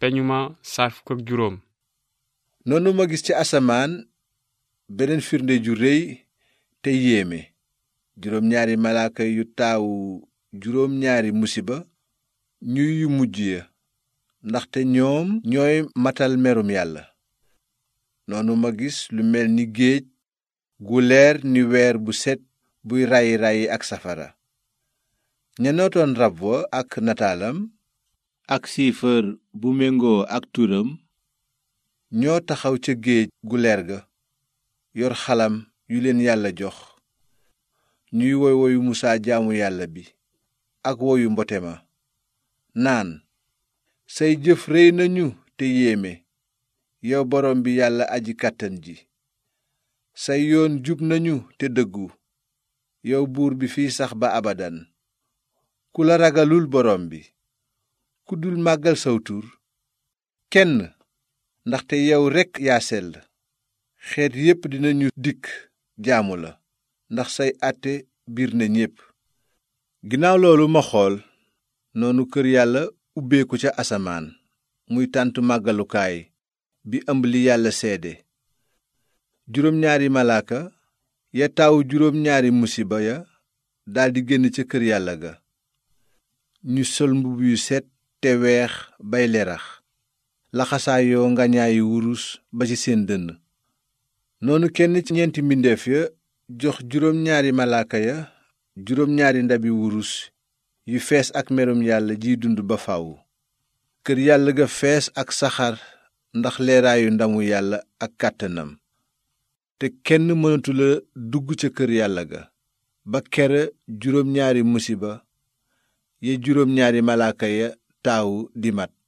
peñuma saar fukk noonu ma gis ci asamaan beneen firnde ju réy te yéeme juróom ñaari malaaka yu taawu juróom ñaari musiba ñuy yu mujj ya ndaxte ñoom ñooy matal merum yàlla noonu ma gis lu mel ni géej gu leer ni weer bu set buy rayi rayi ak safara ña nootoon rab wa ak nataalam ak siifar bu méngoo ak turam ñoo taxaw ca géej gu leer ga yor xalam yu leen yàlla jox ñuy woy woyu musaa jaamu yàlla bi ak woyu mbote ma naan say jëf rëy nañu te yéeme yow borom bi yàlla aji kàttan ji say yoon jub nañu te dëggu yow buur bi fiy sax ba abadan ku la ragalul borom bi ku dul màggal saw kenn ndaxte yow rekk yaa sell xeet yépp ñu dikk jaamu la ndax say àtte biir na ñépp ginnaaw loolu ma xool noonu kër yàlla ubbeeku ca asamaan muy tàntu màggalukaay bi ëmb li yàlla seede juróom ñaari malaaka ya taawu juróom ñaari musiba ya daldi génn ca kër yàlla ga ñu sol mbubb yu set te weex bay lerax laxasaayoo ngañaayi wurus ba ci seen dënn noonu kenn ci ñeenti mbindeef ya jox juróom ñaari malaaka ya juróom ñaari ndabi wurus yu fees ak merum yàlla jiy dund ba faw kër yàlla ga fees ak saxaar ndax leeraayu ndamu yàlla ak kàttanam te kenn mënatula dugg ca kër yàlla ga ba kere juróom ñaari musiba ya juróom ñaari malaaka ya taawu dimat